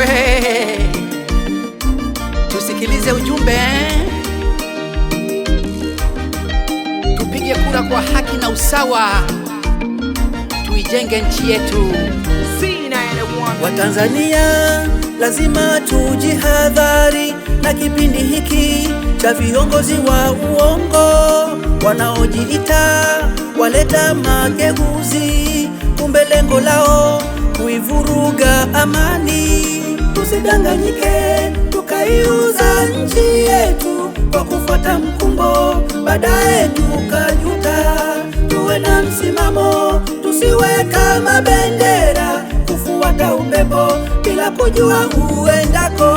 we, tusikilize ujumbe, tupige kura kwa haki na usawa, tuijenge nchi yetu. Watanzania lazima tujihadhari na kipindi hiki cha viongozi wa uongo wanaojiita waleta mageguzi kumbe lengo lao kuivuruga amani. Tusidanganyike tukaiuza nchi yetu kwa kufuata mkumbo, baadaye tukajuta. Tuwe na msimamo, tusiwe kama bendera kufuata upepo bila kujua uendako.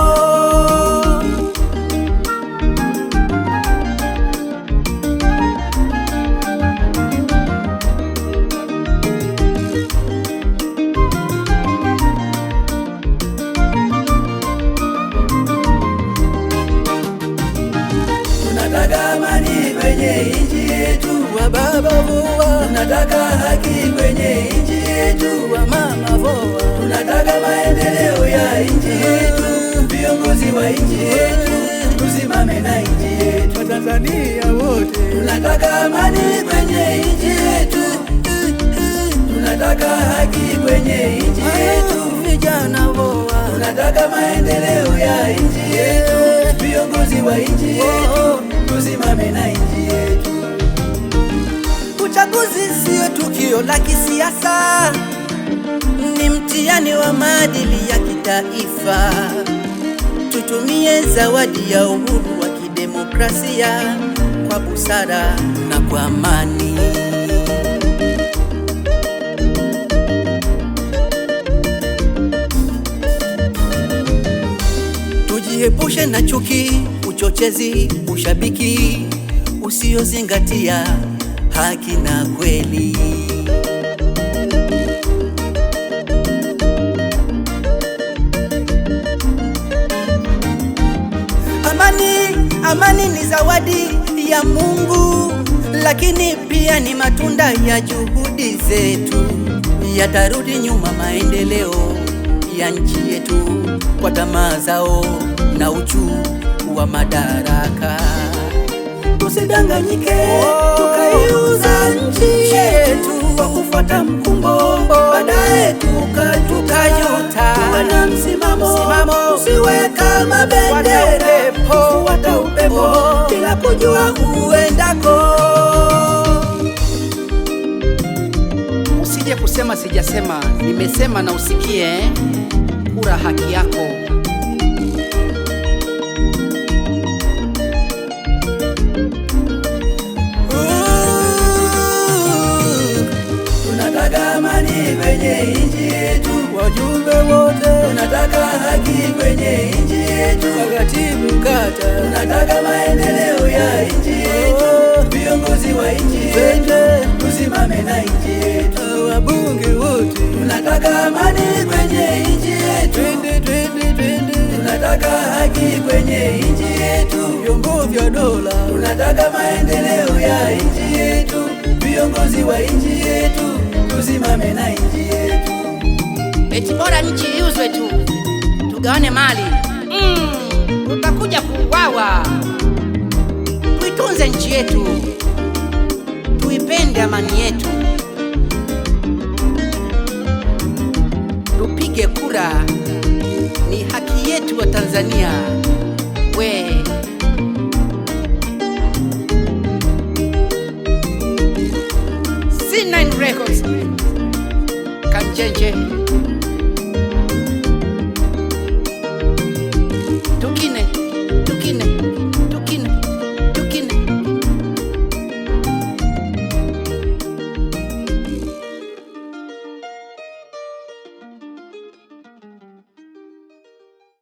kwenye inji yetu, wa baba vua, tunataka haki kwenye inji yetu, wa mama vua, tunataka maendeleo ya inji yetu, viongozi wa inji yetu tusimame na inji yetu, Watanzania wote tunataka amani kwenye inji yetu, tunataka haki kwenye inji yetu, vijana vua, tunataka maendeleo ya inji yetu, viongozi wa inji yetu sio tukio la kisiasa, ni mtihani wa maadili ya kitaifa. Tutumie zawadi ya uhuru wa kidemokrasia kwa busara na kwa amani. Tujiepushe na chuki, uchochezi, ushabiki usiozingatia haki na kweli. Amani, amani ni zawadi ya Mungu, lakini pia ni matunda ya juhudi zetu. Yatarudi nyuma maendeleo ya nchi yetu kwa tamaa zao na uchu wa madaraka tusidanganyike, oh. tukaiuza nchi yetu kwa kufuata mkumbo, baadaye tukajuta. Tuwe na msimamo, tusiwe kama bendera kufuata upepo oh. bila kujua uendako. Usije kusema sijasema, nimesema na usikie. Kura haki yako. kwenye inji yetu, wajumbe wote tunataka haki kwenye inji yetu, wakatibu kata tunataka maendeleo ya inji yetu, viongozi wa inji yetu tusimame na inji yetu, wabunge wote tunataka amani kwenye inji yetu, tunataka haki kwenye inji yetu, vyombo vya dola tunataka maendeleo ya inji yetu, viongozi wa inji yetu tusimame na nchi yetu, eti bora nchi iuzwe tu tugawane mali mm, tutakuja kuuawa. Tuitunze nchi yetu, tuipende amani yetu, tupige kura, ni haki yetu wa Tanzania.